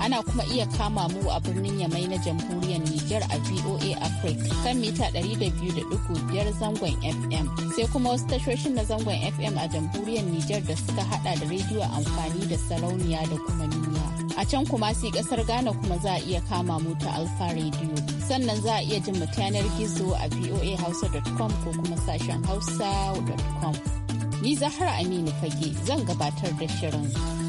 Ana kuma iya kama mu a birnin Yamai na jamhuriyar Nijar a VOA Africa kan mita 200.5 zangon FM. Sai kuma wasu tashoshin na zangon FM a jamhuriyar Nijar da suka hada da rediyo amfani da sarauniya da kuma niyya. A can kuma sai kasar Ghana kuma za a iya kama mu ta Alfa rediyo Sannan za a iya jin mu yanar gizo a voahausa.com ko kuma sashen hausa.com. Ni Zahra Aminu Fage zan gabatar da shirin.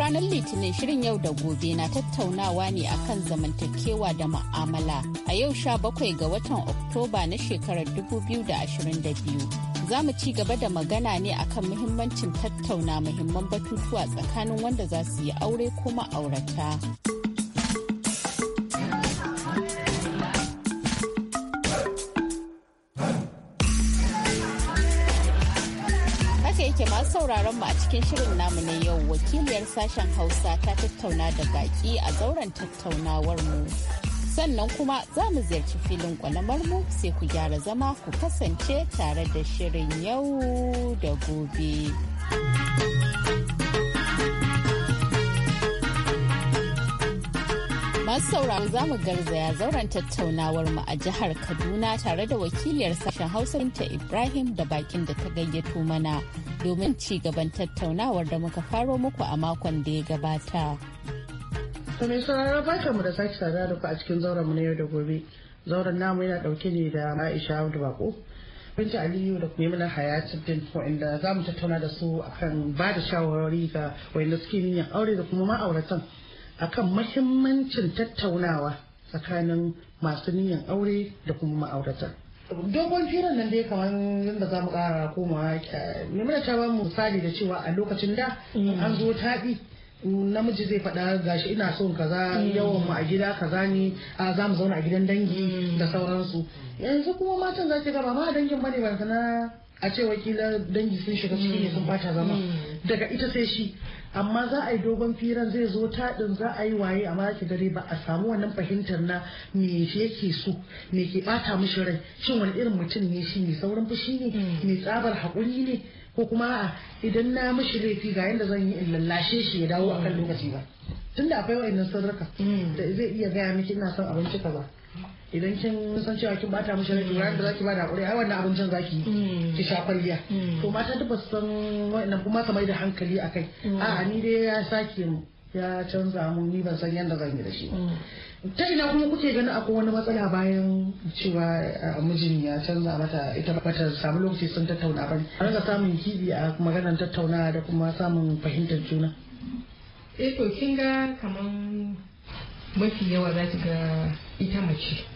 ranar Litinin shirin yau da gobe na tattaunawa ne akan zamantakewa da ma'amala a yau sha bakwai ga watan Oktoba na shekarar 2022. Za mu ci gaba da magana ne akan muhimmancin tattauna muhimman batutuwa tsakanin wanda za su yi aure ko ma'aurata. sauraron mu a cikin shirin namu na yau wakiliyar sashen Hausa ta tattauna da baki a zauren tattaunawar mu. Sannan kuma za mu ziyarci filin kwalamar mu sai ku gyara zama ku kasance tare da shirin yau da gobe. Masu sauraro za mu garzaya zauren tattaunawar mu a jihar Kaduna tare da wakiliyar sashen Hausa ta Ibrahim da bakin da ta gayyato mana domin ci gaban tattaunawar da muka faro muku a makon da ya gabata. To mai sauraro barka mu da sake sada da ku a cikin zauren mu na yau da gobe. Zauren namu yana dauke ne da Aisha Abdu Bako. Binta Aliyu da kuma Yamina din waɗanda za mu tattauna da su akan ba da shawarwari ga waɗanda suke niyyar aure da kuma ma'auratan. akan mahimmancin tattaunawa tsakanin masu niyan aure da kuma ma'aurata. dogon firan nan dai kamar yadda za mu kara komawa eh, nemi ta ba mu misali da cewa a lokacin da mm. an zo taɗi namiji zai faɗa gashi ina son kaza mm. yawan mu a gida kaza ne a za mu zauna a gidan dangi mm. da sauransu yanzu kuma matan za ki gaba ma dangin bane ba na a ce wakila dangi sun shiga ciki ne sun bata zama hmm. Hmm. daga ita sai shi amma za a yi dogon firan zai zo taɗin za a yi waye amma ki gare ba a samu wannan fahimtar na me yake so me ke bata mishi rai shin wani irin mutum ne shi ne saurin fushi ne mai hmm. tsabar haƙuri ne ko kuma a idan na mishi laifi ga yadda zan yi in lallashe shi ya dawo akan lokaci ba tunda akwai wa'annan sarrafa da zai iya gaya miki ina son abinci kaza idan kin san cewa kin bata mu rai ranar da zaki bada hakuri ai wannan can zaki mm. ki sha kwalliya mm. to mata ta basu san wannan kuma ka mai da hankali akai mm. A'a ni dai ya sake mu ya canza mu ni ban san yadda zan yi da shi ta ina kuma kuke ganin akwai wani matsala bayan cewa mijin ya canza mata ita bata samu lokaci sun tattauna ba a ranga samun kibi a maganar tattauna da kuma samun fahimtar juna eh to kin ga kaman mafi yawa za ga ita mace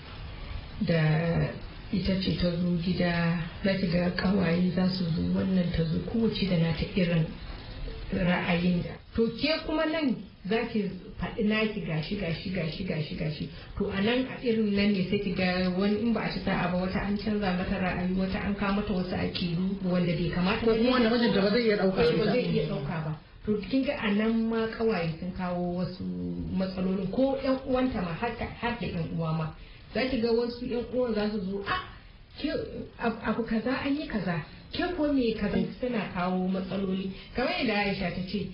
da ita ce ta zo gida za ki ga kawaye za su zo wannan ta zo kowace da nata irin ra'ayin da to ke kuma nan za ki faɗi naki gashi gashi gashi gashi gashi to a nan a irin nan ne sai ki ga wani in ba a ci sa'a ba wata an canza mata ra'ayi wata an kama ta wasu yi wanda bai kamata ba kuma wani da ba zai iya ɗauka eh, ba zai iya ɗauka ba to kin ga a nan ma kawaye sun kawo wasu matsaloli ko ƴan uwanta ma har da ƴan uwa ma za ki ga wasu yan uwan za su zo a ah, abu kaza an yi kaza ke ko me kaza suna kawo matsaloli kamar yadda Aisha ta ce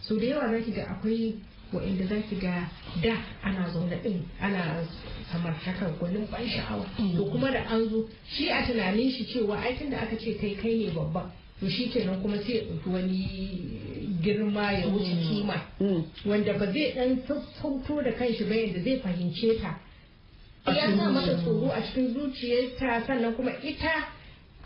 so da yawa za ki ga akwai waɗanda za ki ga da ana zaune ɗin ana kamar haka gwanin ban sha'awa to kuma da an zo shi a tunanin shi cewa aikin da aka ce kai kai ne babban to shi kenan kuma sai ya ɗauki wani girma ya wuce kima mm. Mm. wanda ba zai ɗan sassauto da kanshi ba yadda zai fahimce ta ya sa mata tsoro a cikin zuciyarta sannan kuma ita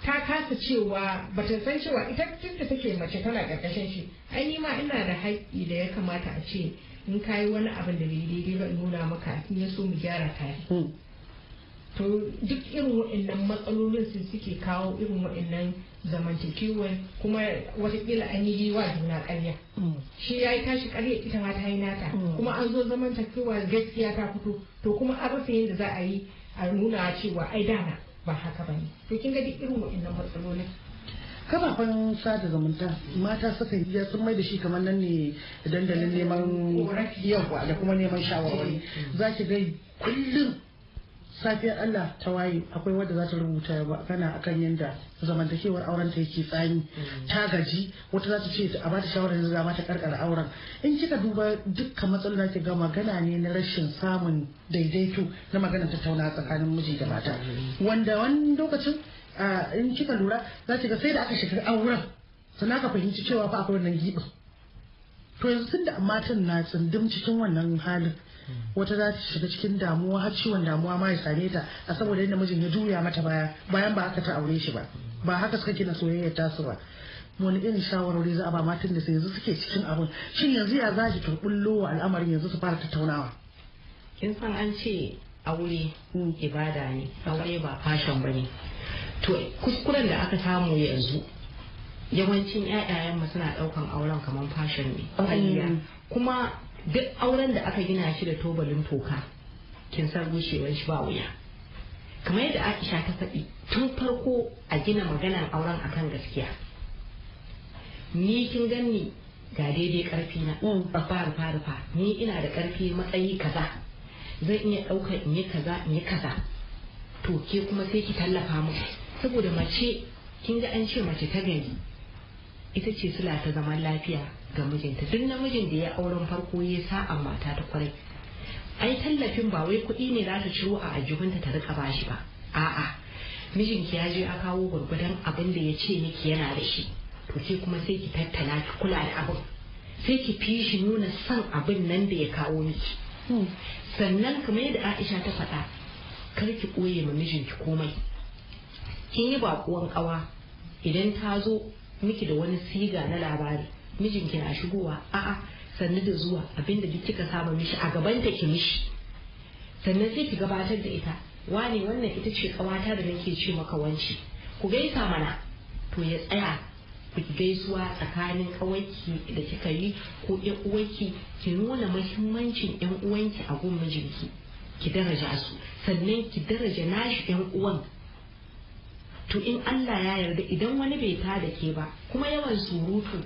ta kasa cewa ba ta san cewa ita tunda take mace tana karkashin shi ai ni ma ina da haƙƙi da ya kamata a ce in kayi wani abin da bai daidai ba in nuna maka in ya so mu gyara tare hmm. to duk irin waannan matsalolin su suke kawo irin waannan zamantakewar kuma watakila an yi wa juna karya mm. shi ya yi tashi karya ita ma ta yi nata mm. kuma an zo zamantakewa gaskiya ta fito to kuma a rasa yadda za a yi a nuna cewa ai dana ba haka ba ne to kin ga duk irin waɗannan matsalolin kafafen sada zumunta mata suka yi sun mai da shi kamar nan ne dandalin neman yawa da kuma neman shawarwari mm. za ki ga kullum safiyar Allah ta waye akwai wadda za ta rubuta kana akan yadda zamantakewar auren ta yake tsani mm. ta gaji wata za ta ce a bata shawarar da za ta karkara auren in kika duba dukkan matsalolin da ga magana ne na rashin samun daidaito na magana tattauna tsakanin miji da mata mm. wanda wani lokacin in kika lura za ta ga sai da aka shiga auren sannan ka fahimci cewa fa akwai wannan giɓin to yanzu tunda matan na tsundum cikin wannan halin wata za ta shiga cikin damuwa har ciwon damuwa ma ya same ta a saboda yadda mijin ya juya mata baya bayan ba haka ta aure shi ba ba haka suka gina soyayyar tasu ba wani irin shawarwari za a ba matan da su yanzu suke cikin abun shin yanzu ya za ki wa al'amarin yanzu su fara tattaunawa kin san an ce aure ibada ne aure ba fashon ba ne to kuskuren da aka samu yanzu yawancin 'ya'yayen mu suna daukan auren kamar fashion ne mm. kuma duk auren da aka gina shi da tobalin toka kin san gushewar shi ba wuya kamar yadda aisha ta faɗi tun farko a gina maganar auren akan gaskiya ni kin ganni ga daidai karfi na rufa mm. rufa rufa ni ina da karfi matsayi kaza zan iya ɗaukar in yi kaza in yi kaza to ke kuma sai ki tallafa mu saboda mace kin ga an ce mace ta gari ita ce sula ta zaman lafiya ga mijinta duk namijin da ya auren farko ya sa a mata ta kwarai ai tallafin ba wai kuɗi ne za ta ciro a ajihunta ta rika bashi ba a'a mijinki ya je a kawo gwargwadon abin da ya ce miki yana da shi to sai kuma sai ki tattala ki kula da abin sai ki fi shi nuna son abin nan da ya kawo miki hmm. sannan kamar yadda Aisha ta faɗa kar ki ɓoye ma mijinki komai kin yi baƙuwan ƙawa idan ta zo miki da wani siga na labari mijinki na shigowa a'a sannu da zuwa abinda duk kika saba mishi a gabanta ki mishi sannan sai ki gabatar da ita wane wannan ita ce kawata da nake ce maka wanci ku gaisa mana to ya tsaya ku gaisuwa tsakanin kawaki da kika yi ko ɗan uwanki ki nuna muhimmancin yan uwanki a gun mijinki ki daraja su sannan ki daraja nashi yan uwan to in Allah ya yarda idan wani bai ta da ke ba kuma yawan surutu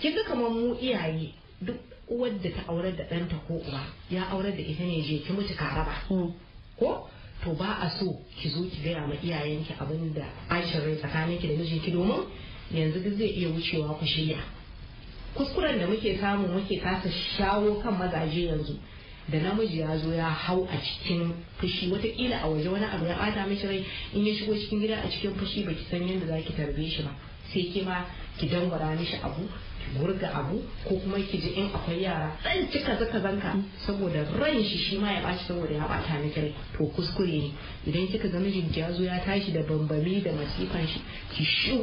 kin ga kamar mu iyaye duk uwar da ta aurar da ɗanta ko uwa ya aurar da ita ne je ki mutu karaba hmm. ko to ba a so ki zo ki gaya ma iyayenki abin da aishin rai tsakanin ki da mijinki domin yanzu duk zai iya wucewa ku shirya kuskuren da muke samu muke kasa shawo kan mazaje yanzu da namiji ya zo ya hau a cikin fushi watakila a waje wani abu ya bata mishi rai in ya shigo cikin gida a cikin fushi baki san yadda za ki tarbe shi ba sai ki ma ki dangwara mishi abu gurga abu ko kuma ki ji in akwai yara dan cika zaka zanka saboda ran shi shi ma ya bashi saboda ya bata miki rai to kuskure ne idan kika ga mijin ya zo ya tashi da bambami da masifan shi ki shu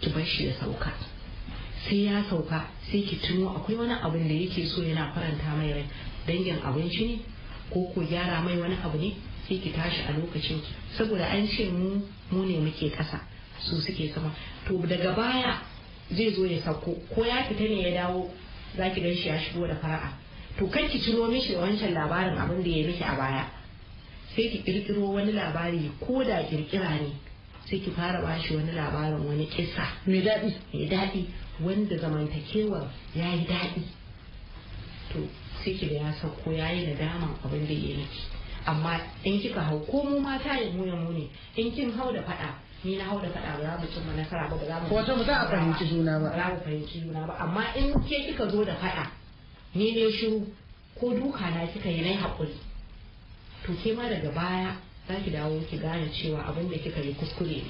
ki bar shi ya sauka sai ya sauka sai ki tuno akwai wani abin da yake so yana faranta mai rai dangin abinci ne ko ko gyara mai wani abu ne sai ki tashi a lokacin saboda an ce mu mu ne muke kasa su suke sama to daga baya zai zo ya sauko ko ya fita ne ya dawo za ki shi ya shigo da fara'a to kar ki ciro mishi wancan labarin abin da ya miki a baya sai ki kirkiro wani labari ko da kirkira ne sai ki fara bashi wani labarin wani kisa mai daɗi mai daɗi wanda zamantakewar ya yi daɗi to sai ki da ya sauko ya yi nadama abin da ya miki amma in kika hau ko mu mata ya mu ne in kin hau da faɗa ni na hau da faɗa ba za mu cimma nasara ba ba za mu wato ba za a fahimci juna ba ba za mu fahimci juna ba amma in ke kika zo da faɗa ni ne shiru ko duka na kika yi nai haƙuri to ke ma daga baya za ki dawo ki gane cewa abin da kika yi kuskure ne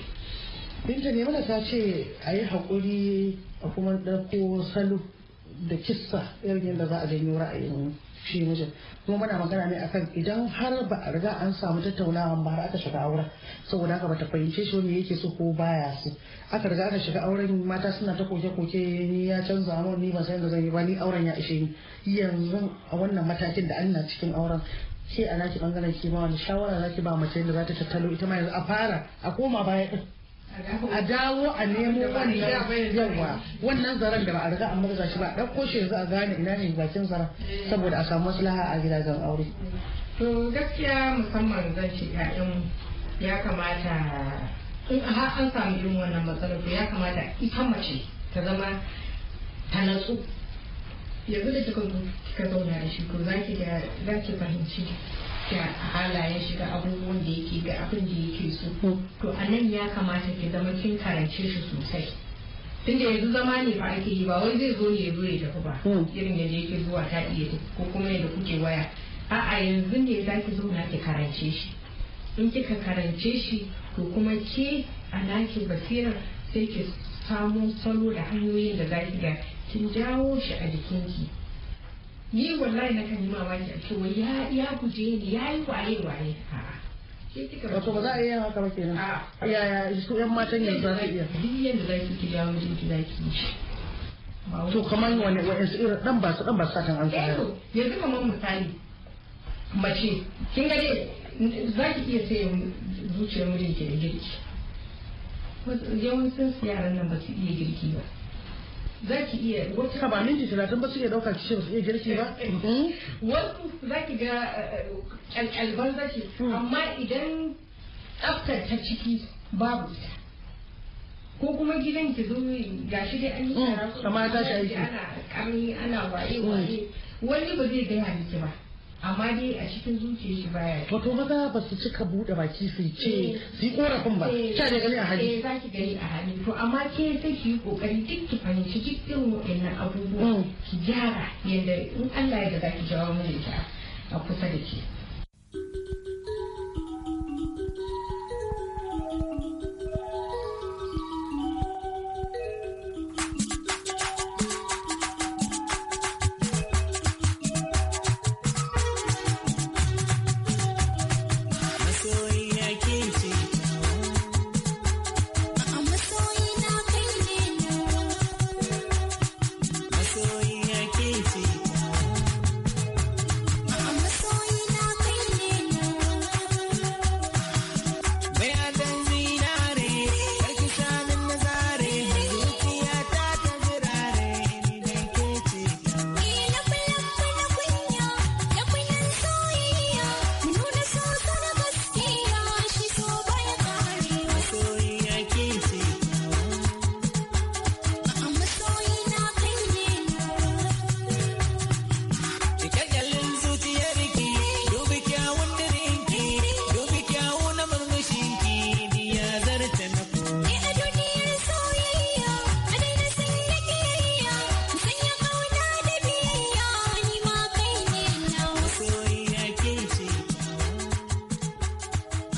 binta ne mana ta ce a yi haƙuri a kuma ɗauko salo da kissa irin yadda za a janyo ra'ayin shi mijin kuma muna magana ne akan idan har ba a riga an samu tattaunawa ba har aka shiga auren saboda haka bata fahimce shi wani yake so ko baya so aka riga aka shiga auren mata suna ta koke koke ni ya canza mun ni ba san da zan yi ba ni auren ya ishe ni yanzu a wannan matakin da an na cikin auren ke a naki bangaren ke ma wani shawara zaki ba mace da za ta tattalo ita ma yanzu a fara a koma baya din a dawo a nemo wannan yawa wannan zaren da ba a riga an murza shi ba ɗauko shi yanzu a gane ina ne bakin zaren saboda a samu maslaha a gidajen aure to gaskiya musamman zan ce ƴaƴan ya kamata in har an samu irin wannan matsalar to ya kamata ita mace ta zama ta natsu yanzu da kika zo kika zauna da shi ko zaki da zaki fahimci a halayen shi da abubuwan da yake ga abin da yake so mm. to a nan ya kamata ki zama kin karance shi sosai tun da yanzu zama ne ba ake yi ba wai zai zo ne ya zo ya tafi ba mm. irin da yake zuwa ta iya ko kuma yadda kuke waya a'a yanzu ne za ki zauna ki karance shi in kika karance shi to kuma ke a naki basirar sai ki samo salo da hanyoyin da za ki ga kin jawo shi a jikinki ni wallahi na kan yi mamaki a cewa ya ya guje ni ya yi waye waye ko ba za a iya haka ba kenan ya ya su yan matan yanzu za su iya duk yanda za ki za ki to kamar wani irin dan ba su dan ba su sakan an eh, yanzu kamar misali mace kin ga dai za ki iya sayan zuciyar mijinki da girki yawancin yaran nan ba su iya girki ba za ki iya wasu ka ba minti talatin ba suke dauka kishi ba su iya girki ba eh, eh, hmm? wasu za ki ga eh, alban zaki hmm. amma idan tsaftar ta ciki babu ko kuma gidan ki zo ga shi dai an yi tsara hmm, kamar ta shi aiki ana waye waye wani ba zai gaya miki ba amma dai a cikin zuciyar shi baya wato maza ba su cika bude baki su ce eh. su yi korafin ba ta eh. da gani a hali eh, za ki gani a hali to amma ke sai ki yi kokari duk ki fahimci duk irin waɗannan abubuwan mm. ki gyara yadda in Allah ya da za ki jawo da ita a kusa da ke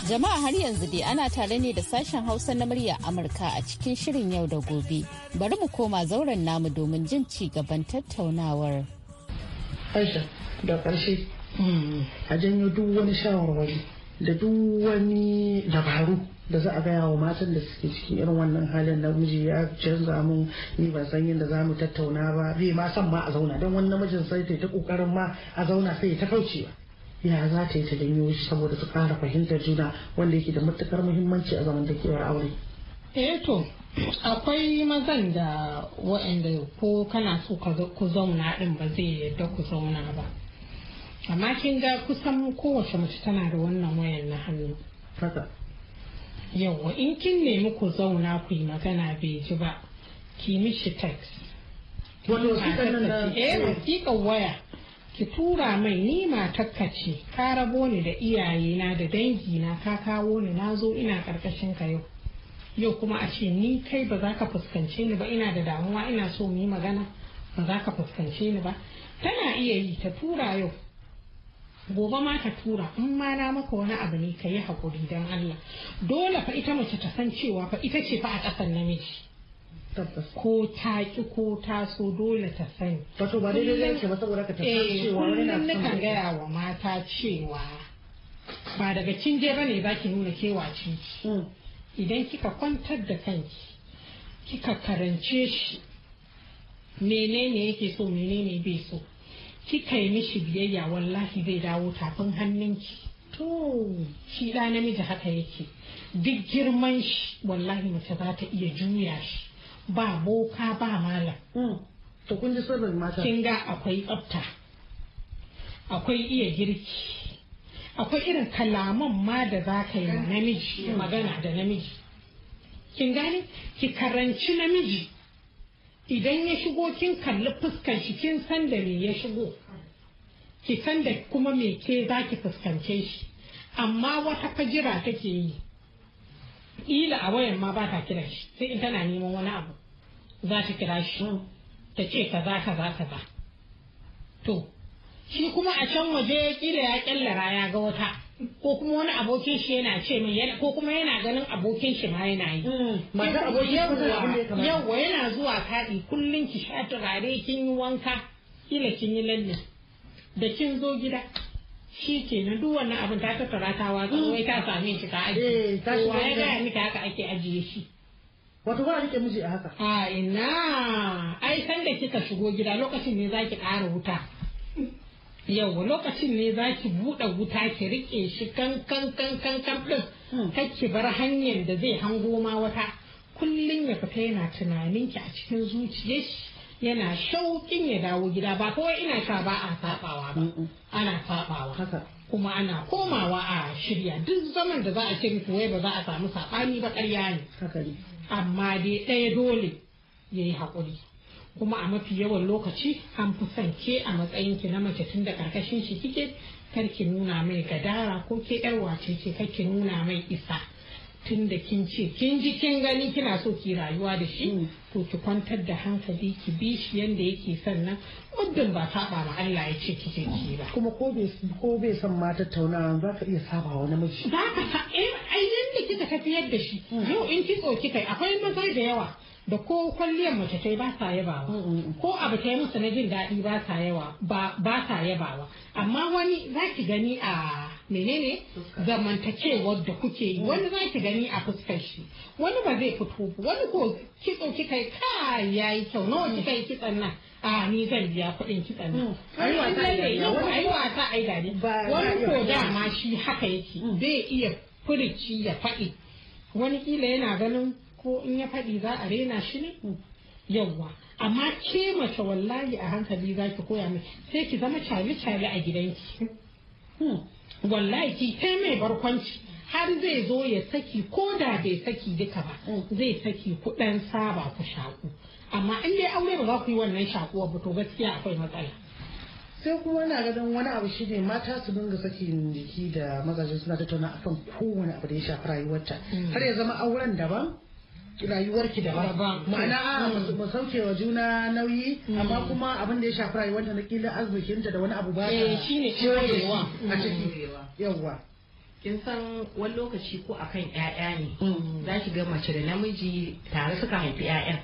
Jama'a har yanzu dai ana tare ne da sashen Hausa na murya Amurka a cikin shirin yau da gobe. Bari mu koma zauren namu domin jin ci gaban tattaunawar. Aisha, da ƙarshe a janyo duk wani shawarwari da duk wani dabaru da za a gaya wa matan da suke cikin irin wannan halin na miji ya canza mu ni ban san yadda za mu tattauna ba bai ma san ma a zauna don wani namijin sai ta yi ta kokarin ma a zauna sai ta kauce ba ya za ta yi ta janyo shi saboda su fara fahimtar juna wanda yake da matukar muhimmanci a zamantakewar aure. eh to akwai mazan da waɗanda ko kana so ku zauna ɗin ba zai yadda ku zauna ba amma kin ga kusan kowace mace tana da wannan wayan na hannu yawwa in kin nemi ku zauna ku yi magana bai ji ba ki mishi text wani wasiƙa eh, na waya ki tura mai ni matakka ce ka rabo ni da iyayena da dangina ka kawo ni na zo ina karkashin ka yau yau kuma a ce ni kai ba za ka fuskance ni ba ina da damuwa ina so mu yi magana ba za ka fuskance ni ba tana iya yi ta tura yau gobe ma ta tura in ma na maka wani abu ne ka yi hakuri don Allah dole fa ita mace ta san cewa fa ita ce fa a ƙasan namiji ko ta ki ko ta so dole ta sani wato ba daidai zai ce ba saboda ka ta eh, cewa wani na son gaya wa mata cewa ba daga kin je bane za ki nuna cin mm. idan kika kwantar da kanki kika karance shi menene yake so menene bai so kika yi mishi biyayya wallahi zai dawo tafin hannunki to shi ɗa namiji haka yake duk girman shi wallahi mace za ta iya juya shi ba boka ba malam hmm. to kun ji sirrin mata kin ga akwai tsafta akwai iya girki akwai irin kalaman ma da za ka yi namiji hmm. magana da namiji kin gane ki karanci namiji idan ya shigo kin kalli fuskan shi kin san da me ya shigo ki san da kuma me ke za ki fuskance shi amma wata fajira take yi ila a wayan ma ba ta kira shi sai in tana neman wani abu za ta kira shi ta ce kaza ka ba. to shi kuma a can waje kila ya kyallara ya ga wata ko kuma wani abokin shi yana ce min ko kuma yana ganin abokin shi ma yana yi hmm. yawwa yana zuwa kaɗi kullum ki sha turare kin yi wanka kila kin yi lalle da kin zo gida shi ke na duk wannan abin ta tattara ta watsa hmm. wai ta same shi ka ajiye eh, Wa ya gaya miki haka ake ajiye shi Wato ba rike miji a haka. A ina, ai san da kika shigo gida lokacin ne zaki ƙara wuta. Yau lokacin ne zaki buɗe wuta ki rike shi kan kan kan kan kan hmm. kake bar hanyar da zai hango ma wata. Kullum ya fita yana tunanin ki a cikin zuciyar Yana shauƙin ya dawo gida ba kawai ina sha ba a saɓawa ba. Ana saɓawa. Kuma ana komawa a shirya duk zaman da za a ce miki wai ba za a samu saɓani ba ƙarya ne. amma dai ɗaya dole ya yi haƙuri kuma a mafi yawan lokaci an fi son ke a matsayin ki na mace tun da ƙarƙashin shi kike kar ki nuna mai gadara ko ke ƴar wace ce kar ki nuna mai isa tun da kin ce kin ji kin gani kina so ki rayuwa da shi mm. to ki kwantar da hankali ki bi shi yanda yake sannan muddin ba saba ma Allah ya ce kike ki ba kuma ko bai son ma tattaunawa za ka iya saba wa namiji za ka eh, tafiyar da shi mm. yau in kitso kika akwai maza da yawa da ko kwalliyar mace ta ba sa yabawa mm, mm, ko abu ta yi musu na jin daɗi ba sa yawa ba sa yabawa amma wani za ki gani a menene zamantakewar da kuke yi wani za ki gani a fuskar shi wani ba zai fito wani ko kitso tsoki yi kai yayi kyau nawa kika yi kitson nan a ni zan biya kuɗin kitson nan ai wata ai wata wani ko dama shi haka yake bai iya furici ya faɗi wani kila yana ganin ko in ya faɗi za a rena shi ne yawwa amma ke mace wallahi a hankali za ki koya mai sai ki zama cale-cale a gidanki hmm. wallahi ki sai mai barkwanci har zai zo ya saki ko da bai saki duka ba hmm. zai saki kuɗan saba ku shaku amma in dai aure ba za ku yi wannan shakuwa ba to gaskiya akwai matsala sai kuma na don wani abu shi mata su dinga sakin jiki da mazaje suna tattauna akan kowane abu da ya shafi rayuwarta mm. har ya zama auren daban rayuwarki daban ma'ana ba sauke wa juna nauyi mm. amma kuma abin da ya shafi rayuwarta na kila arzikinta da wani abu ba ta eh, shine a ciki yawa kin san wani lokaci ko akan 'ya'ya ne mm. za ki ga mace da namiji tare suka haifi 'ya'yan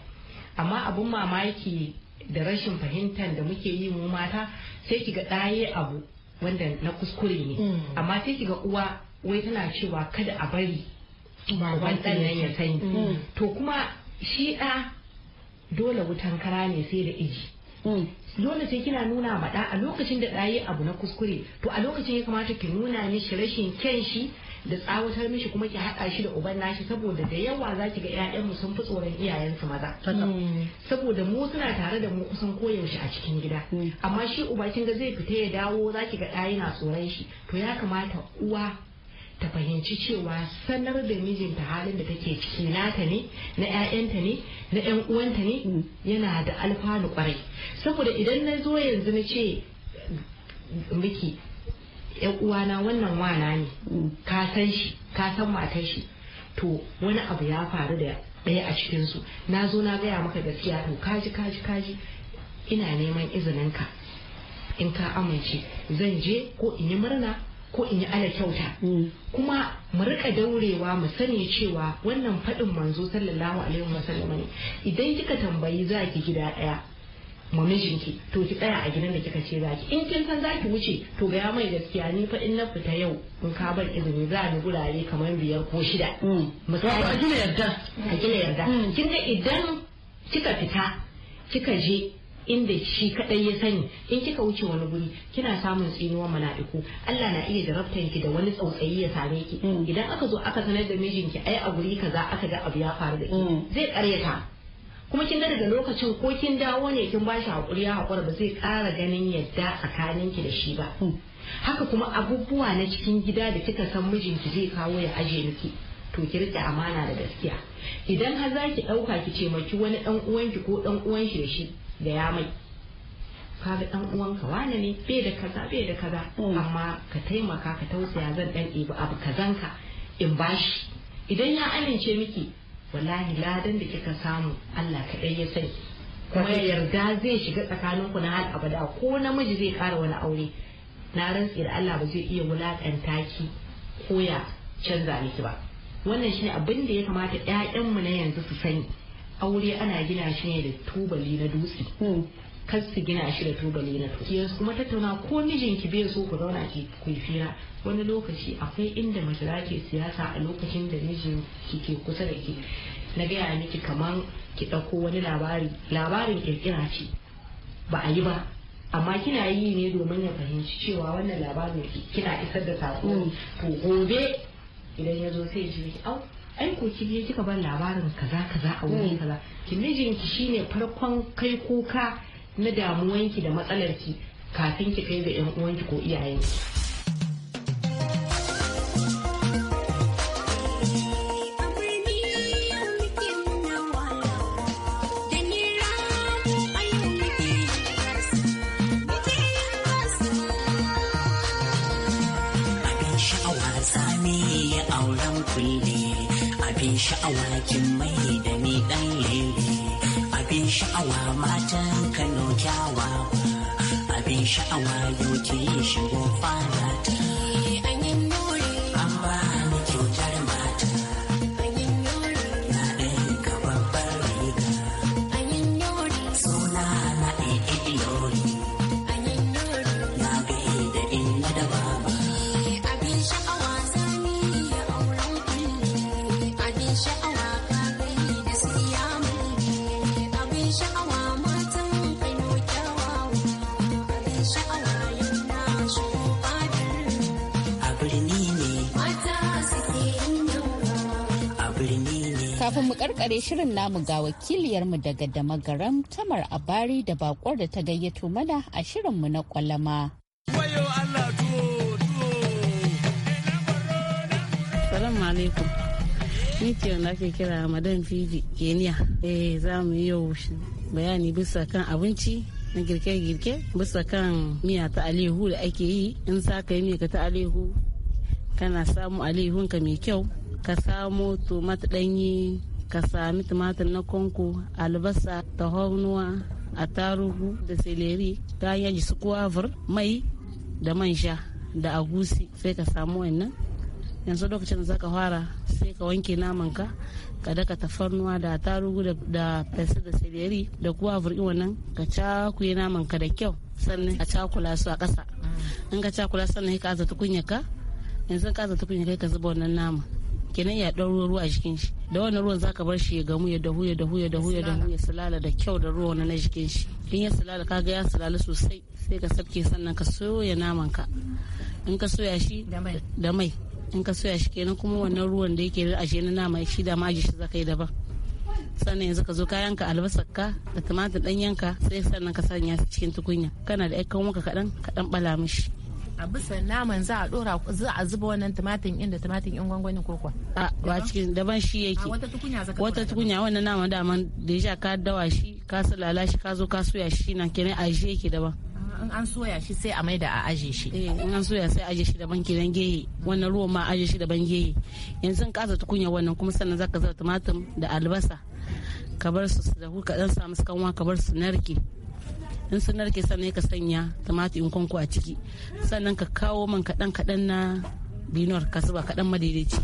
amma abun mamaki da rashin fahimtar da muke yi mu mata sai ki ga ɗaye abu wanda na kuskure ne mm. amma sai ki ga uwa wai tana cewa kada a bari baban nan ya sani mm. to kuma shi ɗa dole wutan kara ne sai da iji mm. dole sai kina nuna ma a lokacin da ɗaye abu na kuskure to a lokacin ya kamata ki nuna mishi rashin kyan shi da tsawatar mishi kuma ki haɗa shi da uban nashi saboda da yawa za ki ga 'ya'yanmu sun fi tsoron iyayensu maza mm. saboda mu suna tare da mu kusan koyaushe a cikin gida mm. amma shi uba kin ga zai fita ya dawo za ki ga ɗa yana tsoron shi to ya kamata uwa ta fahimci cewa sanar da mijinta halin da take ciki nata ne na 'ya'yanta ne na 'yan uwanta ne mm. yana da alfanu kwarai saboda idan na zo yanzu na ce miki yan uwana wannan wana ne mm. ka san shi ka san matar shi to wani abu ya faru da ɗaya a cikinsu na zo na gaya maka gaskiya to kaji kaji kaji ina neman izinin ka in ka amince zan je ko in yi murna ko in yi ala kyauta mm. kuma mu rika daurewa mu sani cewa wannan faɗin manzo sallallahu alaihi wasallam ne idan kika tambayi za ki gida ɗaya ma mijinki to ki tsaya a gidan da kika ce za ki in kin san zaki wuce to ga mai gaskiya ni fa in na fita yau in ka bar izini za ni gurare kamar biyar ko shida misali mm. a gina yarda a gina yarda mm. kin ga idan kika fita kika je inda shi kadai ya sani in kika wuce wani guri kina samun tsinuwar mala'iku Allah na iya jarabtan ki da wani tsautsayi ya same ki mm. idan aka zo aka sanar da mijinki ai a guri kaza aka ga abu ya faru da ki zai karyata kuma kin daga lokacin ko kin dawo ne kin bashi hakuri ya hakura ba zai ƙara ganin yadda tsakaninki da shi ba hmm. haka kuma abubuwa na cikin gida da kika san mijinki zai kawo ya aje miki to ki rike amana da gaskiya idan har za ki ɗauka ki ce maki wani ɗan uwanki ko ɗan uwan shi da shi da ya mai kaga ɗan uwanka wane ne bai da kaza bai da kaza hmm. amma ka taimaka ka tausaya zan ɗan ɗebi abu kazanka in bashi idan ya amince miki wallahi ladan da kika samu Allah kaɗai ya sani kuma yarda zai shiga tsakaninku na hal abada ko namiji zai ƙara wani aure na rantsi da Allah ba zai iya wulaƙanta ki ko ya canza miki ba wannan shine abin da ya kamata ƴaƴanmu na yanzu su sani aure ana gina shi ne da tubali na dutse hmm. kar su gina shi da tubali na to kuma tattauna ko mijinki bai so ku zauna ki ku fira wani lokaci akwai inda mace za ke siyasa a lokacin da mijin ke kusa da ke na gaya miki kaman ki ɗauko wani labari labarin kirkira ce ba a yi ba amma kina yi ne domin ya fahimci cewa wannan labarin kina isar da sako mm. to gobe idan ya zo sai ji au ai ko ki je kika bar labarin kaza kaza a wurin mm. kaza ki mijinki shine farkon kai kuka na damuwanki da matsalarki kafin ki kai ga 'yan uwanki ko iyayenki. auren kulle abin sha'awa kin mai da ni dan lele abin sha'awa matan kano kyawawa abin sha'awa yau ke shigo fara ta Kafin mu karkare shirin namu ga wakiliyarmu daga Damagaram Tamar Abari da bakwar da ta gayyato mana a shirin mu na kwalama. Salamu alaikum. Ni ce wanda ake kira Madan Fiji, Kenya. Eh za mu yi yau bayani bisa kan abinci na girke-girke bisa kan miya ta alihu da ake yi in sa ka yi miya ta alihu kana samu alihunka mai kyau ka samo tomat ɗanyi ka sami tumatir na konko albasa a tarugu da seleri ta yaji su kuwavir mai da manja da agusi sai ka samu wannan yanzu lokacin da zaka fara sai ka wanke namanka ka daka tafarnuwa da tarugu da fesa da seleri da kuwavir in wannan ka cakuye namanka da kyau sannan ka cakula su a ƙasa in ka cakula sannan ka aza tukunyarka yanzu ka aza tukunyarka ka zuba wannan naman. kenan ya ɗan ruwa a jikin shi da wannan ruwan zaka bar shi ya gamu ya dahu ya dahu ya dahu ya dahu ya sulala da kyau da ruwan na jikin shi in ya sulala kaga ya sulala sosai sai ka sabke sannan ka soya naman ka in ka soya shi da mai in ka soya shi kenan kuma wannan ruwan da yake a na nama shi da ma shi zaka yi daban sannan yanzu ka zo ka yanka albasar ka da tumatir ɗanyen ka sai sannan ka sanya su cikin tukunya kana da ƴan kanwa kaɗan kaɗan ɓala mishi a bisa naman za a dora za a zuba wannan tumatin inda tumatin in gwangwani ko kwa a cikin daban shi yake wata tukunya zaka wata tukunya wannan naman man da ya ka dawa shi ka salala shi ka zo ka soya shi na kenan a shi yake daban ah, in an soya shi sai a maida a aje shi eh, in an soya sai aje shi daban kenan gehe wannan ruwan ma aje shi daban gehe yanzu in kasa tukunya wannan kuma sannan zaka zuba tumatin da albasa ka bar su su dahu ka dan samu kanwa ka bar su narke in sun narke sannan ka sanya in kwankwa a ciki sannan ka kawo man kaɗan kaɗan na binor ka zuba kaɗan madaidaici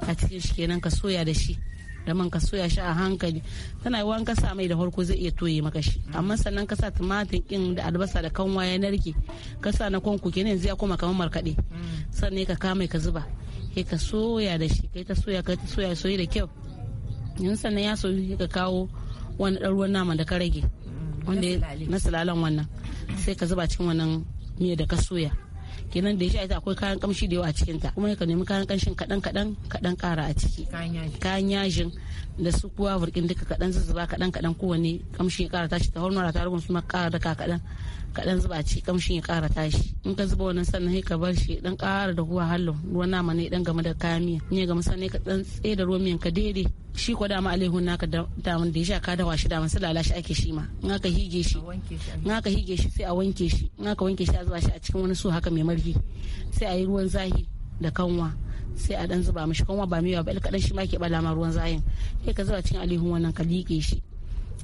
a cikin shi kenan ka soya da shi da man ka soya shi a hankali tana yi wanka sa mai da farko zai iya toye maka shi amma sannan ka sa tumatir in da albasa da kanwa ya narke ka sa na kwankwa kenan zai koma kamar markaɗe sannan ka kama ka zuba kai ka soya da shi kai ta soya ka soya soyi da kyau yanzu sannan ya soyu ka kawo wani ɗan ruwan nama da ka rage wanda ya na sulalan wannan sai ka zuba cikin wannan miya da ka soya kenan da ya ita akwai kayan kamshi da yawa a cikin ta kuma ka nemi kayan kamshin kadan kadan kadan kara a ciki kayan yajin da su kuwa burkin duka kadan zuzuba kadan kadan kowane kamshi ya kara tashi ta hormona ta rubun su ma kara daka kadan ka dan zuba ci kamshin ya kara tashi in ka zuba wannan sannan sai ka bar shi dan kara da ruwa hallo ruwan nama ne dan game da kayan miya in ya gama sannan ka dan tsaye da ruwan miyan ka daidai shi ko dama na naka da daman da ya sha ka dawa shi daman su lalashi ake shi ma in aka hige shi in aka hige shi sai a wanke shi in aka wanke shi a zuba shi a cikin wani su haka mai marfi sai a yi ruwan zahi da kanwa sai a dan zuba mishi kanwa ba mai ba ba kaɗan shi ma ke bala ma ruwan zahin sai ka zuba cikin alaihu wannan ka liƙe shi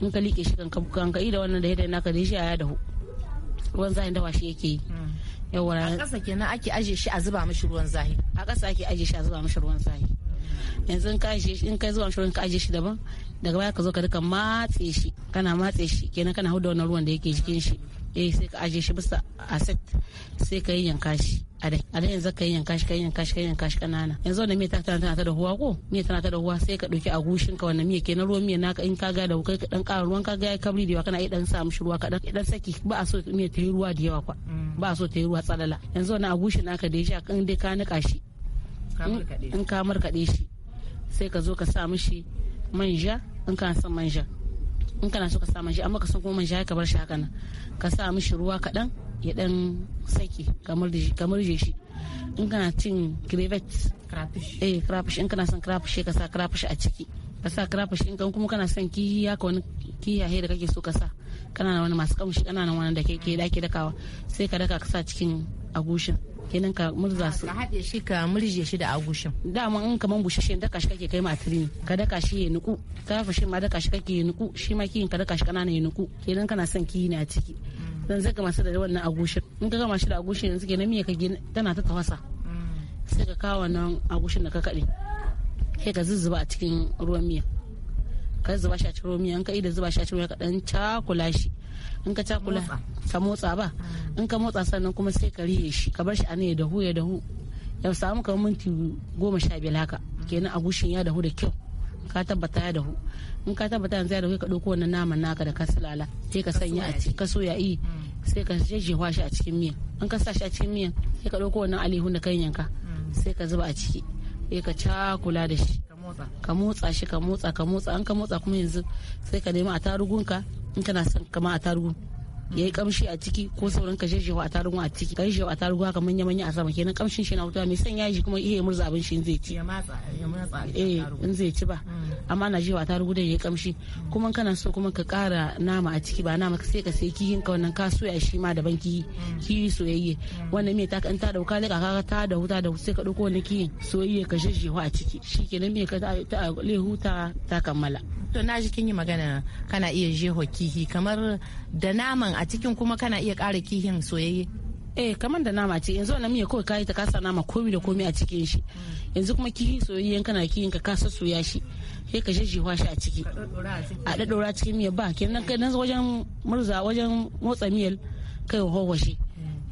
in ka liƙe shi kan ka da wannan da yadda naka da shi a ya dahu ruwan zahin dawa shi yake yi mm. yawwa a ƙasa kenan ake aje shi a zuba mishi ruwan zahi a ƙasa ake aje shi a zuba mishi ruwan zahi yanzu in kai zuba mishi ruwan ka aje shi daban daga baya ka zo ka duka matse shi kana matse shi kenan kana hudu wannan ruwan da yake jikin shi eh sai ka aje shi bisa asset sai ka yi yanka shi a dai a dai yanzu ka yanka shi ka yanka shi ka yanka shi kanana yanzu wannan miya ta tana ta da huwa ko miya tana ta da huwa sai ka ɗauki agushin ka wannan miya ke na ruwan miya naka in ka ga da kai ka ɗan ƙara ruwan ka ga kabri da yawa kana iya ɗan sa mishi ruwa ka dan dan saki ba a so miya ta yi ruwa da yawa kwa mm. ba a so ta yi ruwa tsalala yanzu wannan agushin naka da ya sha in dai ka nika shi in ka markaɗe shi sai ka zo ka sa mishi manja in ka san manja in kana so ka sa shi amma ka san kuma man ka bar shi haka nan ka sa mishi ruwa kaɗan ya dan saki ka murje shi in kana cin crevet eh crafish in kana son crafish ka sa crafish a ciki ka sa crafish in kan kuma kana son kiya ka wani kiyaye da kake so ka sa kana wani masu kamshi kana wani da ke dake dakawa sai ka daka ka sa cikin agushin kenan ka murza su ka haɗe shi ka murje shi da agushin dama in kaman bushashe da kashi kake kai matiri ka daka shi ya nuku ka shi ma da kashi kake ya nuku shi ma kiyin ka daka shi kanana ya nuku kenan kana son kiyi na ciki dan zai gama su da wannan agushin in ka gama shi da agushin yanzu kenan miya ka gina tana ta tafasa mm. sai ka kawo wannan agushin da ka kade sai ka zuzzuba a cikin ruwan miya ka zuba shi a cikin ruwan miya in ka ida zuba shi a cikin ruwan ka dan cakula shi in ka cakula ka motsa ba mm. in ka motsa sannan kuma sai ka rihe shi ka bar shi a ne ya dahu ya dahu ya samu kamar minti goma sha biyar haka mm. kenan a gushin ya dahu da kyau ka tabbata ya dahu in ka tabbata yanzu ya dahu ka ɗauko wannan naman naka da ka lala sai ka sanya a ciki ka soya yi mm. sai ka jejjewa shi a cikin miyan in ka sa shi a cikin miyan sai ka ɗauko wannan alihun da kan yanka sai ka zuba a ciki sai ka cakula da shi ka motsa shi ka motsa ka motsa an ka motsa kuma yanzu sai ka nemi a tarugunka in kana son kama a tarugun ya yi kamshi a ciki ko sauran ka jajjewa a tarugu a ciki ka jajjewa a tarugu haka manya manya a sama kenan kamshin shi na wuta mai sanya shi kuma iya murza abin shi zai ci ya matsa ya matsa eh in zai ci ba mm. amma na jewa a tarugu da ya yi kamshi kuma kana so kuma ka kara nama a ciki ba nama ka sai ka sai kihin ka wannan ka soya shi ma daban kihi mm. kihi soyayye mm. wannan me ta kan ta dauka leka ka ta da wuta da sai ka dauko wani kihin soyayye ka jajjewa a ciki shi kenan me ka ta lehuta ta kammala to na ji kin yi magana kana iya jeho kihi kamar da naman a cikin kuma kana iya ƙara kihin soyayye eh kamar da nama ce yanzu wannan miya kawai kayi ta kasa nama komi da komi a cikin shi yanzu kuma kihi soyayyen kana kihin ka kasa soya shi sai ka jejjewa shi a ciki a daddora cikin miya ba kenan nan wajen murza wajen motsa miyal kai hawa shi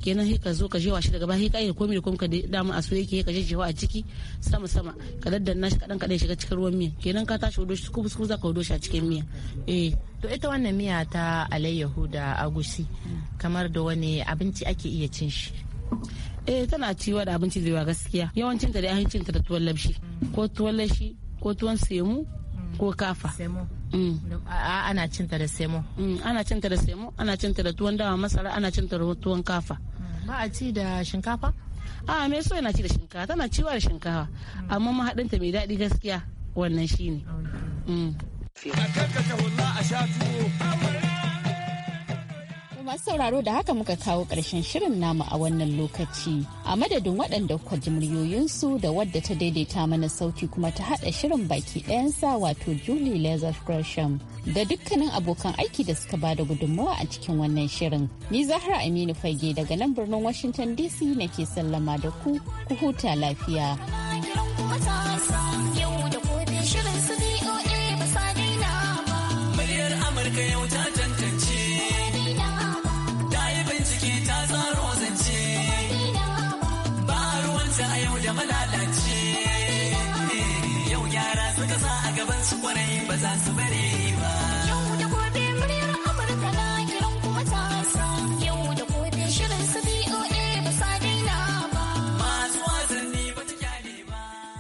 kenan sai ka zo ka jewa shi daga baya sai ka komai da komai ka dama a soyayya ka je jewa a ciki sama sama ka daddan nashi kadan kadan shiga cikin ruwan miya kenan ka tashi wudo shi kuma za ka wudo shi a cikin miya eh to ita wannan miya ta alayyahu da agushi kamar da wani abinci ake iya cin shi eh tana ciwa da abinci da yawa gaskiya yawancin ta da abincin ta da tuwon labshi ko tuwon lashi ko tuwon semu ko kafa ana cinta mm, da semo ana cinta da semo ana cinta da tuwon dawa masara ana cinta da tuwon kafa ba a ci da shinkafa a me so yana ci da shinkafa tana ciwa da shinkafa mm. amma ta mai daɗi gaskiya wannan shine mm. a kankata wallah a sha tuwo masu sauraro da haka muka kawo ƙarshen shirin namu a wannan lokaci. A madadin waɗanda kwa muryoyinsu da wadda ta daidaita mana sauti kuma ta haɗa shirin baki ɗayansa wato Julie Lazar Gresham da dukkanin abokan aiki da suka ba da gudunmawa a cikin wannan shirin. Ni Zahra Aminu Fage daga nan birnin Washington DC nake sallama da ku, ku huta lafiya.